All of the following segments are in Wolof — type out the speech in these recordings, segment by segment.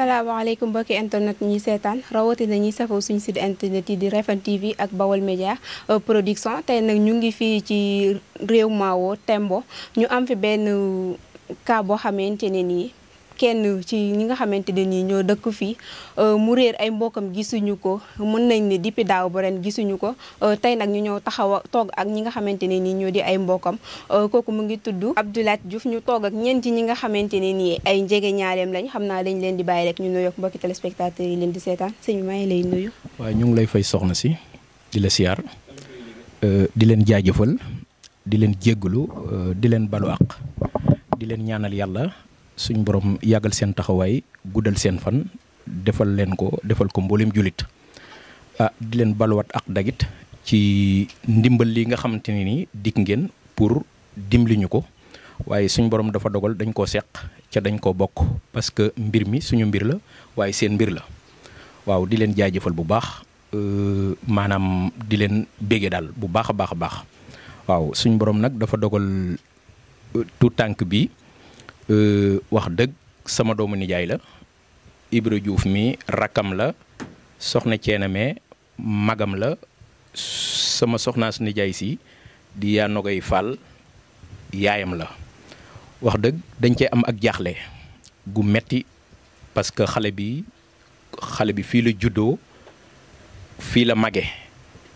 salaamaaleykum mbokki internet ñi seetaan rawatina ñi safoo suñ site internet yi di Refane TV ak Bawol Média euh, production tey nag ñu ngi fii ci réew Mawo Tembo ñu am fi benn cas boo xamante ne nii. kenn ci ñi nga xamante ne nii ñoo dëkk fii euh, mu réer ay mbokkam gisuñu ko mën nañ ne depuis daaw ba ren gisuñu ko euh, tey nag ñu ñëw taxaw a toog ak ñi nga xamante ne nii ñoo di ay mbokkam euh, kooku mu ngi tudd Abdoulaye Diouf ñu toog ak ñeent ñi nga xamante ne nii ay njege ñaareem lañ xam naa dañ leen di bàyyi rek ñu nuyoog mbokki téléspectateurs yi leen di seetaan sëñ bi maa lay nuyu. waaye ñu ngi lay fay soxna si di la siyaar di leen jaajëfal di leen jéggalu di leen balu àq leen ñaanal yàlla. suñ borom yagal sen taxaway guddal sen fan defal len ko defal ko mbolim julit ah di len balwat ak dagit ci ndimbal li nga xamanteni ni dik ngeen pour dimliñu ko waye suñ borom dafa dogal dañ ko sekk ca dañ ko bok parce que mbir mi suñu mbir la waye sen mbir la waaw di len jaajeufal bu baax euh, manam di len bége dal bu baaxa baaxa baax waaw suñ borom nag dafa dogal euh, tout tank bi Euh, wax deug sama doomu nijaay la Ibra Diouf mi rakam la soxna magam la sama sohna nijaay si di ya nogay fal yaayam la wax deug dañ am ak jaxlé gu metti parce que xalé bi xalé bi fi la fi la mage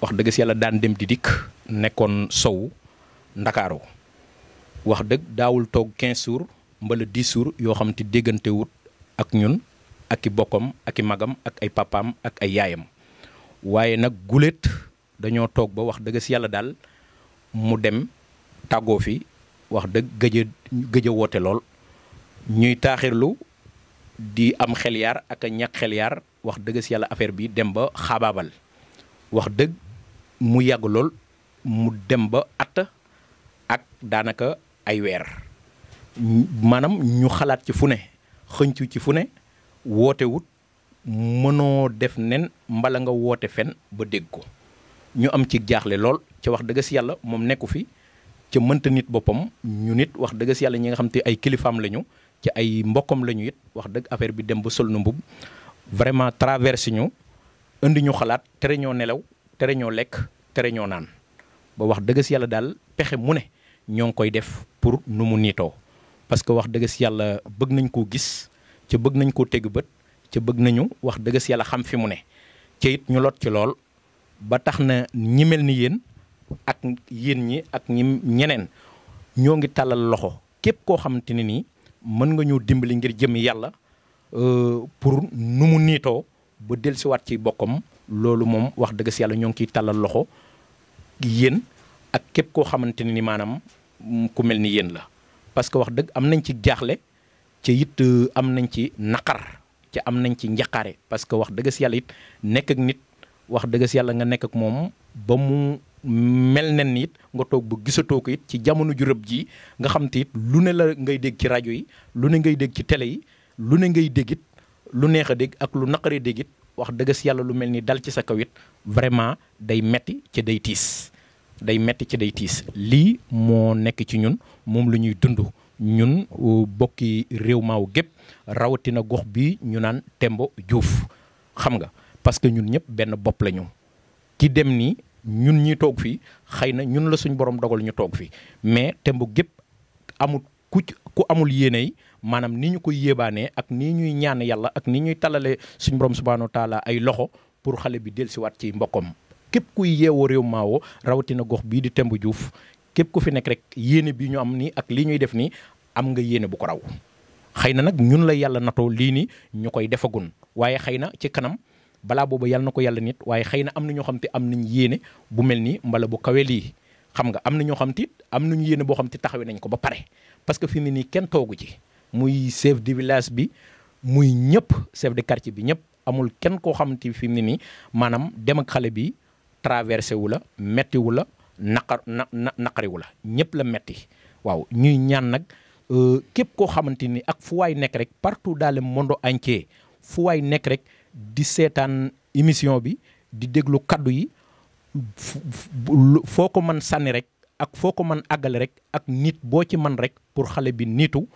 wax deug si yalla daan dem didik nekkon sow ndakaro wax deug dawul tok 15 jours mbala discours yoo xam te déggante wut ak ñun ak i bokkam ak i magam ak ay papam ak ay yaayam waaye nag guléet dañoo toog ba wax dëgg si yàlla daal mu dem tàggoo fi wax dëgg gëj a gëj ñuy di am xel yaar ak a ñàkk xel yaar wax dëgg si yàlla affaire bi dem ba xaabaabal wax mu mu dem ba at ak danaka ay weer maanaam ñu xalaat ci fu ne xëncu ci fu ne woote wut mënoo def nen mbala nga woote fen ba dégg ko ñu am ci jaaxle lool ca wax dëgg si yàlla moom nekku fi ca mënta nit boppam ñu nit wax dëgg si yàlla ñi nga xam te ay kilifaam lañu ci ay mbokkam lañu it wax dëgg affaire bi dem ba sol nu mbub vraiment traversé ñu indi ñu xalaat tere ñoo nelaw tere ñoo lekk tere ñoo naan ba wax dëgg yàlla daal pexe mu ne ñoo ngi koy def pour nu mu niitoo parce que wax dëgg si yàlla bëgg nañ koo gis ca bëgg nañ koo teg bët ca bëgg nañu wax dëgg si yàlla xam fi mu ne ca it ñu lot ci lool ba tax na ñi mel ni yéen ak yéen ñi ak ñi ñeneen ñoo ngi tàllal loxo képp koo xamante ne nii mën nga ñoo dimbali ngir jëmm yàlla euh, pour nu mu niitoo ba dellusiwaat ci bokkam loolu moom wax dëgg si yàlla ñoo ngi ciy tàllal loxo yéen ak képp koo xamante ne ni maanaam ku mel ni yéen la. parce que wax dëgg am nañ ci jaaxle ca it euh, am nañ ci naqar ca am nañ ci njaqare parce que wax dëgg si yàlla it nekk ak nit wax dëgg si yàlla nga nekk ak moom ba mu mel nen it nga toog ba gisatoo ko it ci jamono ju rëb ji nga xam te it lu ne la ngay dégg ci rajo yi lu ne ngay dégg ci tele yi lu ne ngay déggit lu neex a dégg ak lu naqaree dégg wax dëgg yàlla lu mel ni dal ci sa kaw it vraiment day metti ci day tiis. day metti ci day tiis lii moo nekk ci ñun moom la ñuy dund ñun bokki réew maaw gépp rawatina gox bi ñu naan Tembo Juuf xam nga parce que ñun ñëpp benn bopp la ñu ki dem ni ñun ñi toog fii xëy na ñun la suñ borom dogal ñu toog fii mais Tembo gépp amul ku ku amul yéene yi maanaam ni ñu ko yéebaanee ak ni ñuy ñaan yàlla ak ni ñuy talalee suñ borom subhanahu wa ay loxo pour xale bi dellusiwaat ci mbokkam képp kuy yeewoo réew maawo rawatina gox bii di Temb Juuf képp ku fi nekk rek yéene bi ñu am nii ak li ñuy def nii am nga yéene bu ko raw xëy na nag ñun la yàlla natoo lii nii ñu koy defagun waaye xëy na ci kanam balaa boobu yàlla na ko yàlla nit waaye xëy na am na ñoo xam te am nañ yéene bu mel nii mbala bu kawe lii xam nga am na ñoo xam te am nañu yéene boo xam te taxawee nañ ko ba pare parce que fi mu nii kenn toogu ci muy chef de village bi muy ñëpp chef de quartier bi ñëpp amul kenn koo xam te fi ne nii maanaam dem ak xale bi traversé wu la metti wu la naqar na naqari wu la ñëpp la metti waaw ñuy ñaan nak euh kep ko xamanteni ak fu waay nekk rek partout dans le monde entier fu waay nekk rek di sétane émission bi di déglu kaddu yi foko man sanni rek ak foko man agal rek ak nit bo ci man rek pour xalé bi nitu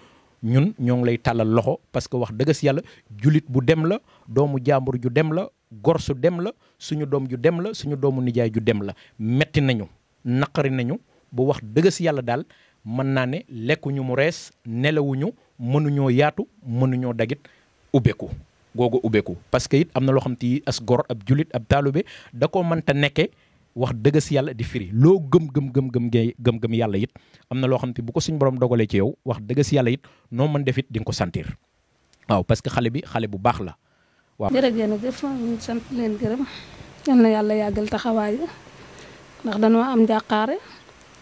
ñun ñong lay talal loxo parce que wax yalla julit bu dem la doomu jambour ju dem la gor su dem la suñu doom ju dem la suñu doomu nijaay ju dem la metti nañu naqari nañu bu wax dëgg si yàlla daal mën naa ne lekkuñu mu rees nelawuñu mënuñoo yaatu mënuñoo dagit ubbeku googu ubbeku parce que it am na loo xam te as gor ab julit ab taalube da ko mënta nekke wax dëgg si yàlla di firi loo gëm gëm gëm gëm gëm gëm yàlla it am na loo xam te bu ko suñu borom dogalee ci yow wax dëgg si yàlla it noo mën def it di nga ko sentir waaw parce xale bi xale bu baax la waaw jërëjëf sant leen gërëm yal na yàlla yàggal taxawaay ndax danoo am njàqaare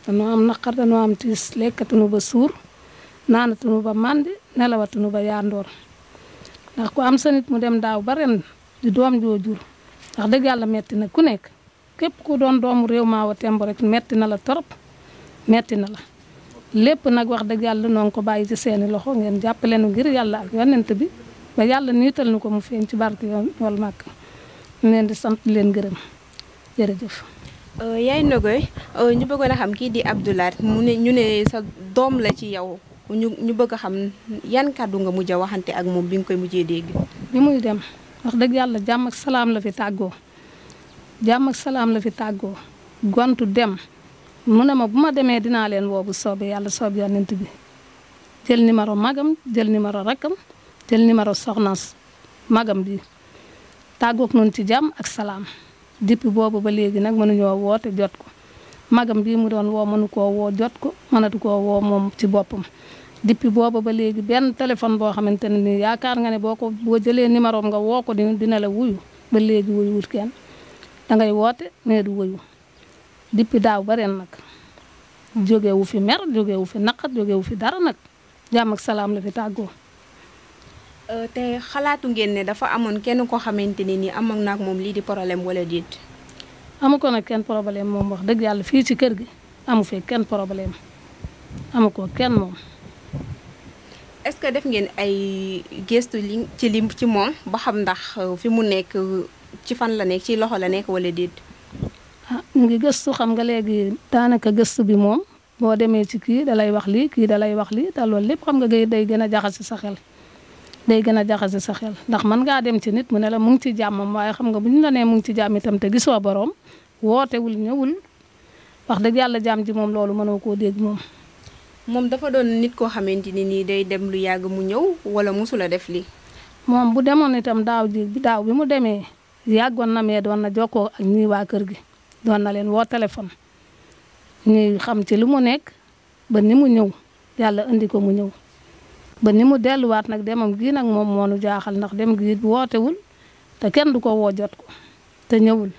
danoo am naqar danoo am tiis lekkatunu ba suur naana naanatunu ba màndi nelawatunu ba yaandoor ndax ko am sa nit mu dem daaw bare ren doom joo jur ndax dëgg yàlla metti na ku nekk képp ku doon doomu réew Maawa Temb rek metti na la torop metti na la lépp nag wax dëgg yàlla noonu ko bàyyi ci seeni loxo ngeen jàppale nu ngir yàlla ak yonent bi ba yàlla niital na ko mu feeñ ci barke yoon wal màkk leen di sant leen gërëm jërëjëf. Euh, yaay Ndogoy euh, ñu bëggoon a xam kii di Abdou Lahad mu ne ñu ne sa doom la ci yow ñu ñu bëgg a xam yan kàddu nga mujj a waxante ak moom bi nga koy mujjee dégg. bi muy dem wax dëgg yàlla jàmm ak salaam la fi tàggoo jàmm ak salaam la fi tàggoo gontu dem mu ne ma bu ma demee dinaa leen woobu bu soobee yàlla soob yonent bi jël numéro magam jël numéro rakkam. jël numéro soxna magam bi tàggoog nun ci jam ak salaam depuis boobu ba léegi nag mënuñoo woote jot ko magam bi mu doon woo mënu koo woo jot ko mënatu koo woo moom ci boppam depuis boobu ba léegi benn téléphone boo xamante ni yaakaar nga ne boo ko boo jëlee numéro nga woo ko dina la wuyu ba léegi wuyuwut kenn da ngay woote nee du wuyu depuis daaw ba ren nag wu fi mer wu fi naqat wu fi dara nag jàmm ak salaam la fi tàggoo Euh, te xalaatu ngeen ne dafa amoon kenn koo xamante ne nii amoon ak moom lii di problème wala déet. amu ko nag kenn problème moom wax dëgg yàlla fii ci kër gi amu fee kenn problème amu ko kenn moom. est-ce que def ngeen ay gëstu li ci lim ci moom ba xam ndax euh, fi mu nekk euh, ci fan la nekk ci loxo la nekk wala déet. ah mu ngi gëstu xam nga léegi daanaka gëstu bi moom boo demee ci kii dalay wax lii kii dalay wax lii te loolu lépp xam nga day gën a jaxase sa xel. day gën a jaxase sa xel ndax mën ngaa dem ci nit mu ne la mu ngi ci jàmmam waaye xam nga bu ñu la ne mu ngi ci jàmm itam te gisoo borom wootewul ñëwul wax dëgg yàlla jàmm ji moom loolu mënoo koo dégg moom. moom dafa doon nit koo xamante ni nii day dem lu yàgg mu ñëw wala mosula def lii. moom bu demoon itam daaw ji daaw bi mu demee yàggoon na mais doon na jokkoo ak ñii waa kër gi doon na leen woo téléphone ñuy xam ci lu mu nekk ba ni mu ñëw yàlla indi ko mu ñëw. ba ni mu delluwaat nag demam gii nag moom moo nu jaaxal ndax dem gi wootewul te kenn du ko woo jot ko te ñëwul.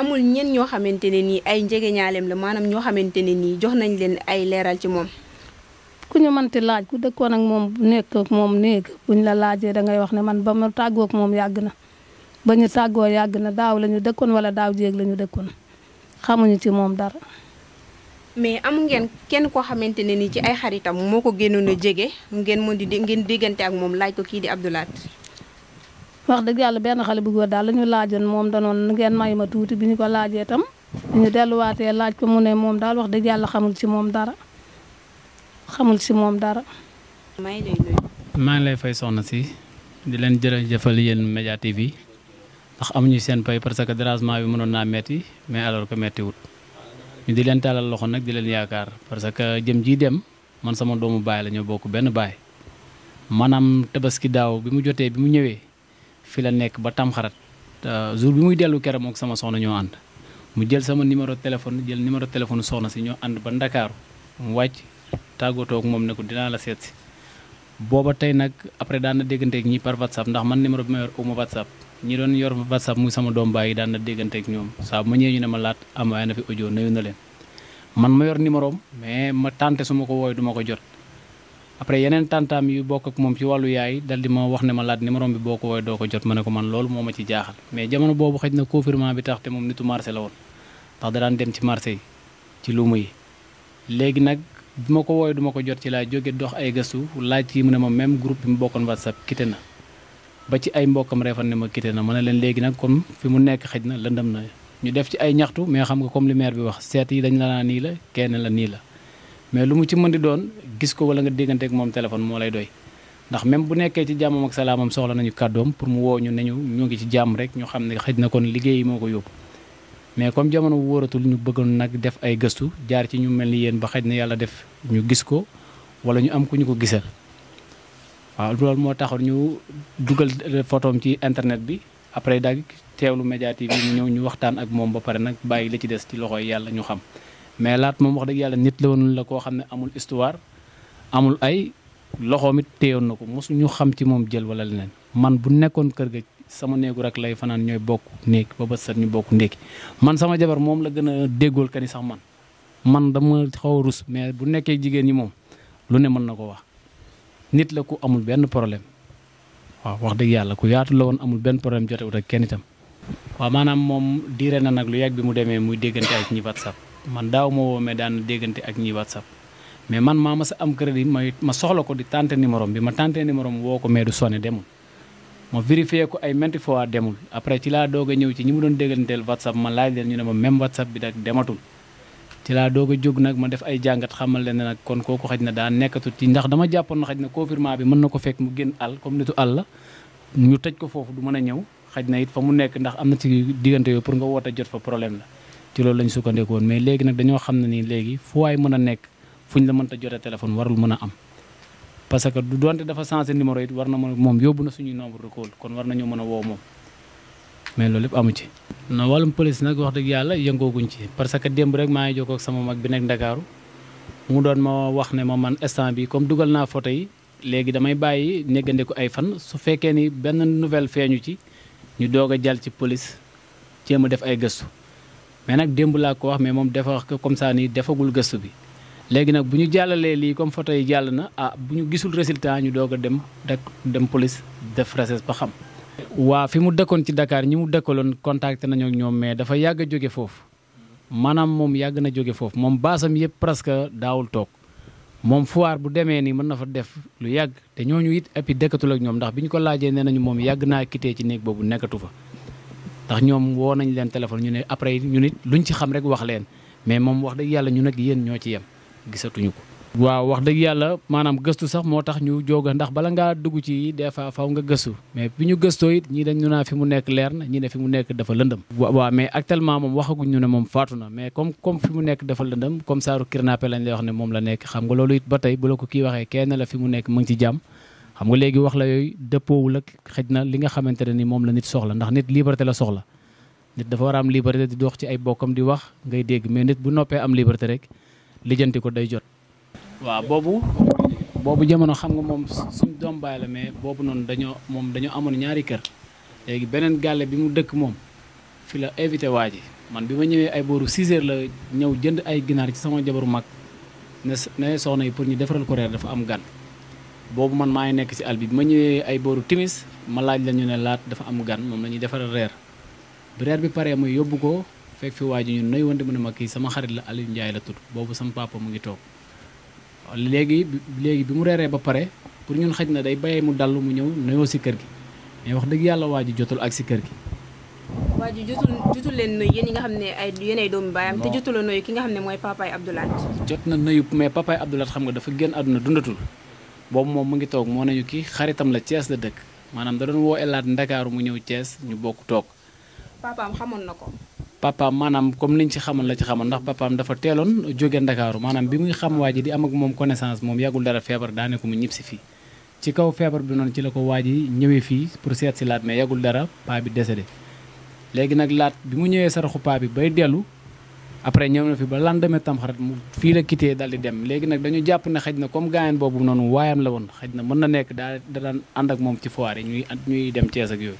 amul ñenn ñoo xamante ne nii ay njegeñaaleem la maanaam ñoo xamante ne nii jox nañ leen ay leeral ci moom. ku ñu mënti laaj ku dëkkoon nag moom nekk ak moom néeg buñ la laajee da ngay wax ne man ba mu tàggoo ak moom yàgg na ba ñu tàggoo yàgg na daaw lañu dëkkoon wala daaw jéeg lañu dëkkoon xamuñu ci moom dara. mais am ngeen kenn koo xamante ne nii ci ay xaritam moo ko génnoon a jege ngeen mën di ngeen déggante ak moom laaj ko kii di Abdou Lahat wax dëgg yàlla benn xale bu góor daal la laajoon moom danoon ngeen may ma tuuti bi ñu ko laajee tam bi ñu delluwaatee laaj ko mu ne moom daal wax dëgg yàlla xamul ci moom dara xamul ci moom dara. maa ngi lay ngi lay fay soxna si di leen jëlal jëfal yéen Média TV ndax am amuñu seen pay parce que dérangement bi mënoon naa metti mais alors que méttiwut. ñu di leen taalal loxo nag di leen yaakaar parce que jëm ji dem man sama doomu baay la bokk benn baay maanaam tabaski daaw bi mu jotee bi mu ñëwee fi la nekk ba tamxarat jour bi muy dellu keroog mook sama soxna ñoo ànd mu jël sama numéro téléphone jël numéro téléphone soxna si ñoo ànd ba ndakaaru mu wàcc tàggatoo ak moom ne ko dinaa la seet si booba tey nag après daan na dégganteeg ñi par WhatsApp ndax man numéro bi ma yor WhatsApp. ñi doon yor whatsapp mu sama doom baay yi daan na dégganteeg ñoom saa ma ñëwee ñu ne ma laat envoyé na fi audio nuyu na leen man ma yor numéro mais ma tante su ma ko wooy du ko jot après yeneen tantaam yu bokk ak moom ci wàllu yaay dal di ma wax ne ma laat numéro bi boo ko wooy doo ko jot ma ne ko man loolu moo ma ci jaaxal mais jamono boobu xëj na confinement bi tax te moom nitu marché la woon ndax da daan dem ci marché yi ci luuma yi léegi nag bi ma ko wooy du ma jot ci laa jóge dox ay gëstu laaj yi mu ne même groupe bi mu bokkoon whatsapp quitté na ba ci ay mbokkam reefan ne ma quitté na ma ne leen léegi nag kon fi mu nekk xëj na lëndëm na ñu def ci ay ñaxtu mais xam nga comme li bi wax seet yi dañ la naa nii la kenn la nii la mais lu mu ci mën di doon gis ko wala nga déggante ak moom téléphone moo lay doy ndax même bu nekkee ci jàmmam ak salaamam soxla nañu kàddoom pour mu woo ñu ne ñu ñu ngi ci jàmm rek ñu xam ne xëj na kon liggéey yi moo ko yóbbu mais comme jamono wóoratul ñu bëggoon nag def ay gëstu jaar ci ñu mel ni yéen ba xëj na yàlla def ñu gis ko wala ñu am ku ñu ko gisal waaw loolu moo taxoon ñu dugal photom ci internet bi après dagg teewlu média TV mu ñëw ñu waxtaan ak moom ba pare nag bàyyi la ci des ci loxoy yàlla ñu xam mais laat moom wax dëgg yàlla nit la woon la koo xam ne amul histoire amul ay loxoom it téyoon na ko mosu ñu xam ci moom jël wala leneen man bu nekkoon kër ga sama néegu rek lay fanaan ñooy bokk néeg ba ba sat ñu bokk ndékki man sama jabar moom la gën a déggool ka ni sax man man dama xaw a rus mais bu nekkee jigéen ñi moom lu ne mën na ko wax nit la ku amul benn problème waaw wax dëgg yàlla ku yaatu la woon amul benn problème jotewut ak kenn itam. waaw maanaam moom diire na nag lu yàgg bi mu demee muy déggante ak ñi WhatsApp man daaw ma woo mais daan déggante ak ñi WhatsApp mais man maa ma sa am crédit may ma soxla ko di tenter numéro bi ma tenter numéro woo ko mais du sonné demul. ma vérifié ko ay maintes fois demul après ci laa doog a ñëw ci ñi mu doon dégganteel WhatsApp ma laaj leen ñu ne ma même WhatsApp bi nag dematul. ci laa doog a jóg nag ma def ay jàngat xamal leen nag kon kooku xaj na daa nekkatu ci ndax dama jàppoon na xaj na confinement bi mën na ko fekk mu génn àll comme nitu la ñu tëj ko foofu du mën a ñëw xaj na it fa mu nekk ndax am na ci diggante yooyu pour nga woote jot fa problème la ci loolu lañ sukkandiku mais léegi nag dañoo xam ne nii léegi fu waay mën a nekk fu ñu la mënta jotee téléphone warul mën a am parce que du donte dafa changé numéro it war na mën moom yóbbu na suñuy nombre de call kon war nañoo mën a woo moom mais loolu lépp amu ci. non wàllum police nag wax dëgg yàlla yëngooguñ ci parce que démb rek maa ngi jokkoo ak sama mag bi nekk Ndakaaru mu doon ma wax ne ma man instant bi comme dugal naa photo yi léegi damay bàyyi néggandiku ay fan su fekkee ni benn nouvelle feeñu ci ñu doog a jàll ci police jéem a def ay gëstu mais nag démb laa ko wax mais moom dafa wax ko comme nii defagul gëstu bi. léegi nag bu ñu jàllalee lii comme photo yi jàll na ah bu ñu gisul résultat ñu doog a dem rek dem police def recherche waa fi mu dëkkoon ci dakaar ñi mu dëkkaloon contacté nañu ak ñoom mais dafa yàgg a jóge foofu maanaam moom yàgg na jóge foofu moom baasam yëpp presque daawul toog moom foire bu demee nii mën na fa def lu yàgg te ñoo ñu it et puis dëkkatul ak ñoom ndax bi ñu ko laajee nee nañu moom yàgg naa quitté ci néeg boobu nekkatu fa. ndax ñoom woo nañ leen téléphone ñu ne après ñu nit luñ ci xam rek wax leen mais moom wax dëgg yàlla ñu nag yéen ñoo ci yem gisatuñu ko. waaw wax dëgg yàlla maanaam gëstu sax moo tax ñu jóga ndax bala ngaa dugg ci des fois faw nga gëstu mais bi ñu gëstoo it ñii dañ ñu naa fi mu nekk leer na ñii ne fi mu nekk dafa lëndëm waaw mais actuellement moom waxaguñ ñu ne moom faatu na mais comme comme fi mu nekk dafa lëndëm comme saaru kidnappé lañ lay wax ne moom la nekk xam nga loolu it ba tey bu la ko kii waxee kenn la fi mu nekk mu ngi ci jàmm xam nga léegi wax la yooyu dëppoowul ak xëj na li nga xamante ne ni moom la nit soxla ndax nit liberté la soxla nit dafa war a am liberté di dox ci ay bokkam di wax ngay dégg mais nit bu noppee am liberté rek lijjanti ko day jot wa bobu bobu jamono xam nga mom suñ dom bay la mais bobu non dañoo mom dañoo amone ñaari kër léegi benen gàlle bi mu dëkk mom fi la invité waji man bima ñëwé ay boru 6 h la ñëw jënd ay ginar ci sama jabaru mak ne ne soxna yi pour ñu défaral ko reer dafa am gan bobu man maay nekk ci albi bima ñëwé ay boru timis ma laaj la ñu ne laat dafa am gan mom lañu défaral rër bi rër bi paré muy yobbu ko fek fi waji ñu nuy wante mu ne ma kii sama xarit la Aliou Ndiaye la tudd boobu sama papa mu ngi toog léegi léegi bi mu reeree ba pare pour ñun xaj na day bàyyee mu dall mu ñëw nuyoo si kër gi mais wax dëgg yàlla waa ji jotul ak si kër gi waa ji jotul jotul leen nuyu yéen nga xam ne ay yéenay doomu baayam te jotul a nuyu ki nga xam ne mooy papaay Abdoulaat jot na nuyu mais papaay Abdoulaat xam nga dafa génn àdduna dundatul boobu moom mu ngi toog moo nañu kii xaritam la cees la dëkk maanaam da doon woo Elaat Ndakaaru mu ñëw cees ñu bokk toog papaam na ko papaam maanaam comme niñ ci xamoon la ci xamoon ndax papaam dafa teeloon jóge ndakaaru maanaam bi muy xam waa ji di am ak moom connaissance moom yàggul dara feebar daane ko mu si fii ci kaw feebar bi noonu ci la ko waa ji ñëwee fii pour seet si laat mais yàggul dara paa bi dese de léegi nag laat bi mu ñëwee saraxu paa bi bay dellu après ñëw na fi ba demee tamxarit mu fii la quitté daal di dem léegi nag dañu jàpp ne xëj na comme gaañaan boobu noonu waayam la woon xëj na mën na nekk daa da ànd ak moom ci foire yi ñuy ñuy dem Cees ak yooyu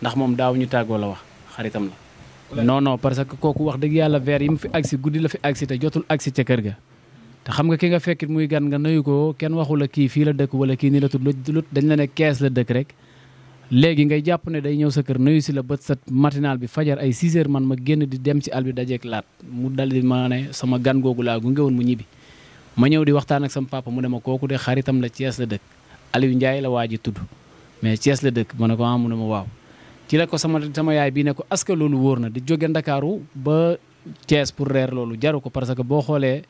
ndax moom daaw ñu tàggoo la wax xaritam la non non parce que kooku wax dëgg yàlla verre yi mu fi agsi guddi la fi agsi te jotul agsi ca kër ga te xam nga ki nga fekkit muy gan nga nuyu ko kenn waxu la kii fii la dëkk wala kii nii la tudd lut dañ la ne kees la dëkk rek léegi ngay jàpp ne day ñëw sa kër nuyu si la bët sa matinal bi fajar ay 6 man ma génn di dem ci àll bi dajeeg laat mu dal di ma ne sama gan googu laa gunge woon mu ñibbi ma ñëw di waxtaan ak sama papa mu ne ma kooku de xaritam la Thiès la dëkk Aliou Ndiaye la waa ji tudd mais Thiès la dëkk ma ne ah, mu ne ma waaw ci la ko sama sama yaay bi ne ko est-ce que loolu wóor di jóge ndakaaru ba Thiès pour reer loolu jaru ko parce que boo xoolee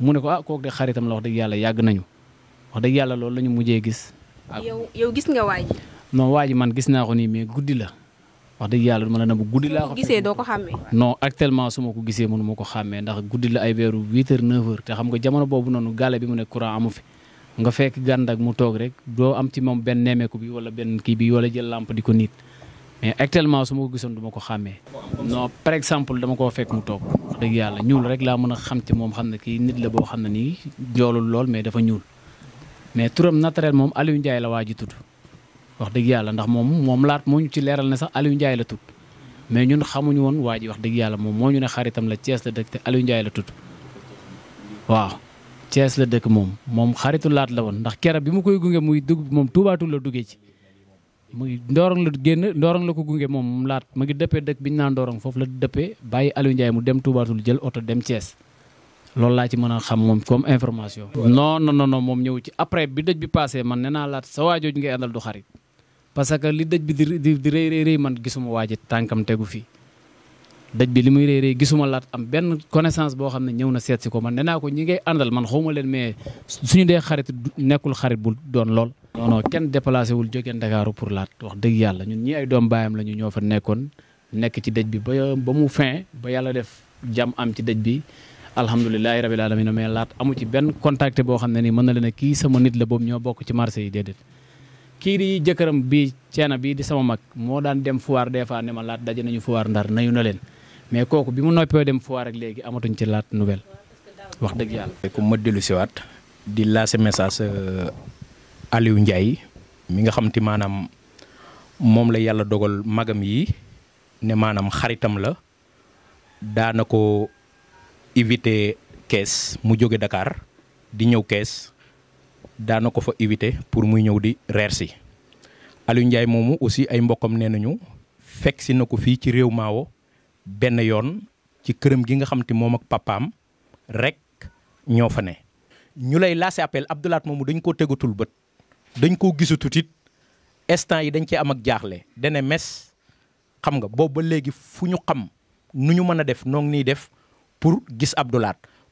mu ne ko ah kooku de xaritam la wax dëgg yàlla yàgg nañu wax dëgg yàlla loolu la ñu mujjee gis. yow yow gis nga waay ji. non waay man gis naa ko nii mais guddi la wax dëgg yàlla duma la ne bu guddi laa ko gisee doo ko xàmmee. non actuellement su ma ko gisee mënu ma ko xàmmee ndax guddi la ay weeru huit heures neuf heures te xam nga jamono boobu noonu gàlle bi mu ne courant amu fi. nga fekk gàndag mu toog rek doo am ci moom benn nemmeeku bi wala benn kii bi wala jël lampe di ko mais actuellement su ma ko gisoon du ma ko xàmmee non par exemple dama koo fekk mu toog wax dëgg yàlla ñuul rek laa mën a xam ci moom xam ne kii nit la boo xam ne nii joolul lool mais dafa ñuul mais turam naturel moom Aliou njaay la waa ji tudd wax dëgg yàlla ndax moom moom laat moo ñu ci leeral ne sax Aliou njaay la tudd mais ñun xamuñu woon waa ji wax dëgg yàlla moom moo ñu ne xaritam la Thiès la dëkk te Aliou Ndiaye la tudd waaw Thiès la dëkk moom moom xaritu laat la woon ndax kera bi mu ngi Ndorong la génn Ndorong la ko gunge moom laat mu ngi dëppee dëkk bi ñu naan Ndorong foofu la dëppee bàyyi Aliou Ndiaye mu dem Toubatul jël oto dem Thiès loolu laa ci mën a xam moom comme information. non no non moom ñëw ci après bi dëj bi passé man nee naa laat sa waajooju ngay àndal du xarit parce que li dëj bi di di rëy rëy man gisuma waaji tànkam tegu fii. dëj bi li muy rëy rëy gisuma laat am benn connaissance boo xam ne ñëw na seet si ko man nee naa ko ñi ngay àndal man xawma leen mais suñu dee xarit nekkul xarit bu doon lool. non non kenn déplacé wul jóge Ndakaaru pour laat wax dëgg yàlla ñun ñi ay doom baayam la ñu ñoo fa nekkoon nekk ci dëj bi ba ba mu fin ba yàlla def jam am ci dëj bi alhamdulilahi rabil alamin mais laat amu ci benn contacté boo xam ne ni mën na leen a kii sama la boobu ñoo bokk ci marché yi déedéet kii di jëkkëram bii ceena bii di sama mag moo daan dem foire des fois ne ma laat daje nañu foire ndar nayu na leen mais kooku bi mu noppee dem foire ak léegi amatuñ ci laat nouvelle wax dëgg yàlla. comme ma dellu siwaat di laase message euh, Aliou Ndiaye mi nga xam te maanaam moom la yàlla dogal magam yi ne maanaam xaritam la daana ko éviter kees mu jóge dakaar di ñëw kees daana ko fa éviter pour muy ñëw di reer si Aliou Ndiaye moomu aussi ay mbokkam ne nañu fekk si na ko fii ci réew Maawo benn yoon ci këram gi nga xamti moom ak papaam rek ñoo fa ne. ñu lay lancé appel Abdou Lahat moomu dañ ko tegatul bët. dañ koo gisatut it instant yi dañ cee am ak jaaxle dene mes xam nga boobu ba léegi fu ñu xam nu ñu mën a def noonu niy def pour gis Abdou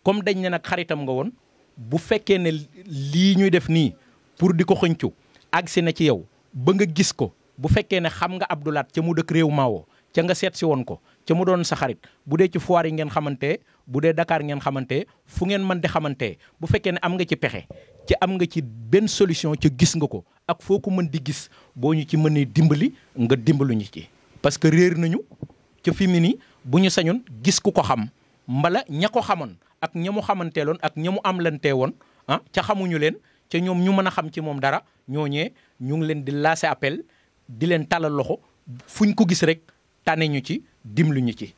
comme dañ ne nag xaritam nga woon bu fekkee ne lii ñuy def nii pour di ko xëncu agsi na ci yow ba nga gis ko bu fekkee ne xam nga Abdou Lahad ca mu dëkk réew maawoo ca nga seet si woon ko ca mu doon sa xarit bu dee ci foire yi ngeen xamante bu dee dakaar ngeen xamante fu ngeen mën di xamante bu fekkee ne am nga ci pexe ci am nga ci benn solution ca gis nga ko ak foo ko mën di gis boo ñu ci mënee dimbali nga dimbalu ñu ci. parce que réer nañu ca fi nii bu ñu sañoon gis ku ko xam mbala ña ko xamoon ak ña mu loon ak ña mu am lantee woon ah ca xamuñu leen ca ñoom ñu mën a xam ci moom dara ñoo ñooñee ñu ngi leen di laase appel di leen talal loxo fuñ ko gis rek tane ñu ci dimlu ñu ci.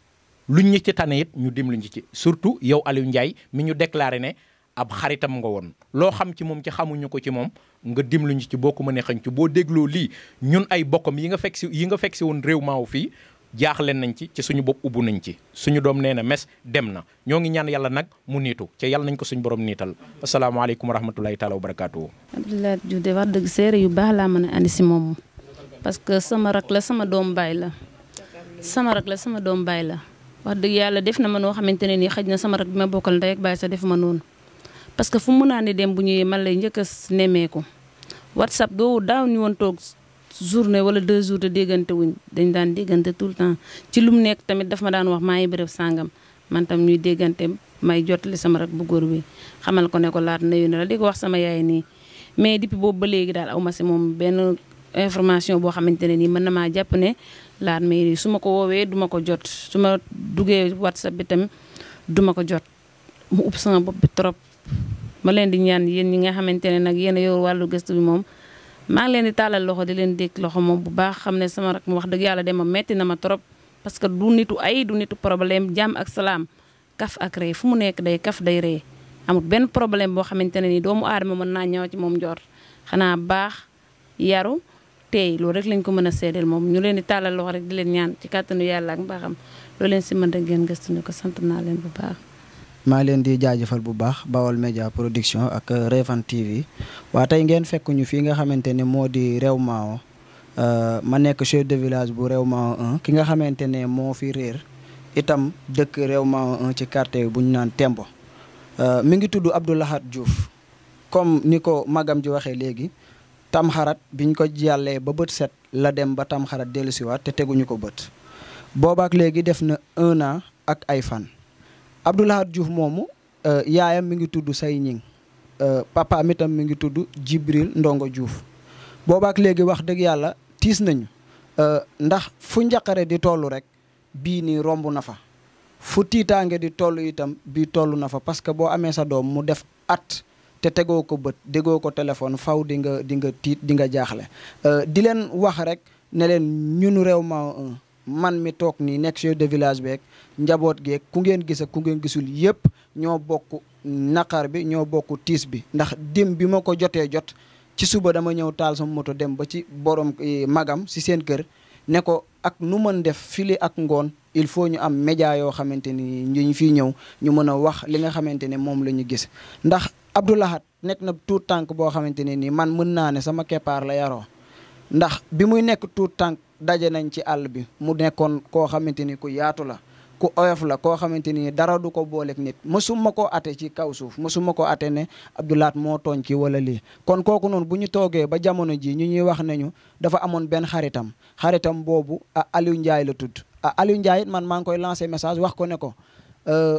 luñ ñu ci tane it ñu dimlu ñu ci surtout yow Aliou Ndiaye mi ñu déclaré ne. ab xaritam nga woon loo xam ci moom ci xamuñu ko ci moom nga dimluñu ci bokk ma mënee xañ ci boo dégloo lii ñun ay bokkam yi nga fekk si yi nga fekk woon réew maaw fii jaax leen nañ ci ci suñu bopp ubbu nañ ci suñu doom nee na mes dem na ñoo ngi ñaan yàlla nag mu niitu ca yàlla nañ ko suñu borom niital asalaamaaleykum wa rahmatulahi a wa barakaatu. Abdoulaye Diouf de wax dëgg séeréer yu baax laa mën a andi si moom parce que sama rak la sama doom baay la sama rak la sama doom baay la wax dëgg yàlla def na ma noo xamante ne nii xëj na sama rak bi ma bokkal ndey sa def ma noonu parce que fu mu naa ne dem bu man lay némé ko whatsapp doo daw ñu won tok journée wala deux jours de déggante wuñ dañ daan déggante tout temps ci lu mu nekk tamit daf ma daan wax maay ngi sangam man tam ñuy déggante may jotali sama rak bu góor bi xamal ko ne ko laat neuy na di wax sama yaay ni mais depuis bobu ba légui daal awma ci mom ben information bo xamante ni nii mën na maa jàpp ne laat may ni suma ko wowe duma ko jot suma duggé whatsapp bi tam duma ko jot mu upp sama bop bi trop ma leen di ñaan yéen ñi nga xamante ne nag yéen a yor wàllu gëstu bi moom maa ngi leen di tàllal loxo di leen dégg loxo moom bu baax xam ne sama rak mu wax dëgg yàlla de ma metti na ma trop parce que du nitu ay du nitu problème jam ak salaam kaf ak ree fu mu nekk day kaf day ree amul benn problème boo xamante ne ni doomu aadama mën naa ñëw ci moom njor xanaa baax yaru tey loolu rek lañ ko mën a seedeel moom ñu leen di tàllal loxo rek di leen ñaan ci kàttanu yàlla ak mbaaxam leen si mën gën gëstu sant naa leen bu baax maa leen di jaajëfal bu baax Baol Média production ak Refane TV waa tey ngeen fekkuñu ñu fii nga xamante ne moo di réew Mawo euh, ma nekk chef de village bu réew Mawo 1 ki nga xamante ne moo fi réer itam dëkk réew Mawo 1 ci quartier bu ñu naan Tembo euh, mi ngi tudd Abdou laxaat Diouf comme ni ko magam ji waxee léegi tamxarat biñ ko jàllee ba bët set la dem ba tamxarat dellusiwaat te teguñu ko bët boobaak léegi def na un an ak ay fan Abdou Lahad Diouf moomu euh, yaayam mi ngi tudd say ñing euh, papa mi tam mi ngi tudd Jibril Ndongo juuf boobaak léegi wax dëgg yàlla tiis nañu euh, ndax fu njaqare di tollu rek bii nii romb na fa fu tiitaange di toll itam bii toll na fa parce que boo amee sa doom mu def at te tegoo ko bët dégoo ko téléphone faw di nga di tiit di nga jaaxle di leen wax rek ne leen ñunu réew ma man mi toog nii nekk chef de village beeg njaboot geeg ku ngeen gis ak ku ngeen gisul yépp ñoo bokk naqar bi ñoo bokk tiis bi ndax dim bi ma ko jotee jot ci suba dama ñëw taal sama moto dem ba ci borom eh, magam si seen kër ne ko ak nu mën def fili ak ngoon il faut ñu am média yoo xamante ni ñu fi ñëw ñu mën a wax li nga xamante ne moom la ñu gis ndax Abdou Lahad nekk na tuut tànk boo xamante ne nii man mën naa ne sama keppaar la yaroo ndax bi muy nekk tuut tànk daje nañ ci àll bi mu nekkoon koo xamante ni ku yaatu la ku oyof la koo xamante ni dara du ko booleeg nit masuma koo ate ci kaw suuf masuma ko ate ne Abdou moo tooñ ci wala lii kon kooku noonu bu ñu toogee ba jamono ji ñu ñuy wax nañu dafa amoon benn xaritam xaritam boobu a Aliou Ndiaye la tudd a aliyu Ndiaye man maa ngi koy lancé message wax ko ne ko euh,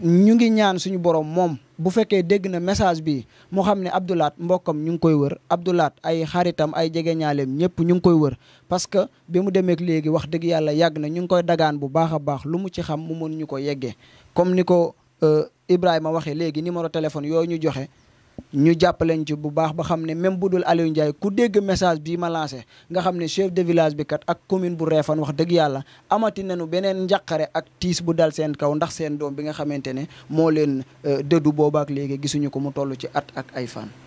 ñu ngi ñaan suñu borom moom bu fekkee dégg na message bi mu xam ne Abdoulaat mbokkam ñu ngi koy wër Abdoulaat ay xaritam ay jege jegeñaaleem ñëpp ñu ngi koy wër parce que bi mu demeek léegi wax dëgg yàlla yàgg na ñu ngi koy dagaan bu baax a baax lu mu ci xam mu mën ñu ko yeggee comme ni ko euh, Ibrahima waxee léegi numéro téléphone yooyu ñu joxe ñu jàppaleen ci bu baax ba xam ne même bu dul Aliou Ndiaye ku dégg message bi ma nga xam ne chef de village bi kat ak commune bu Réfane wax dëgg yàlla amati nañu beneen njàqare ak tiis bu dal seen kaw ndax seen doom bi nga xamante ne moo leen euh, dëddu boobaak léegi gisuñu ko mu toll ci at ak ay fan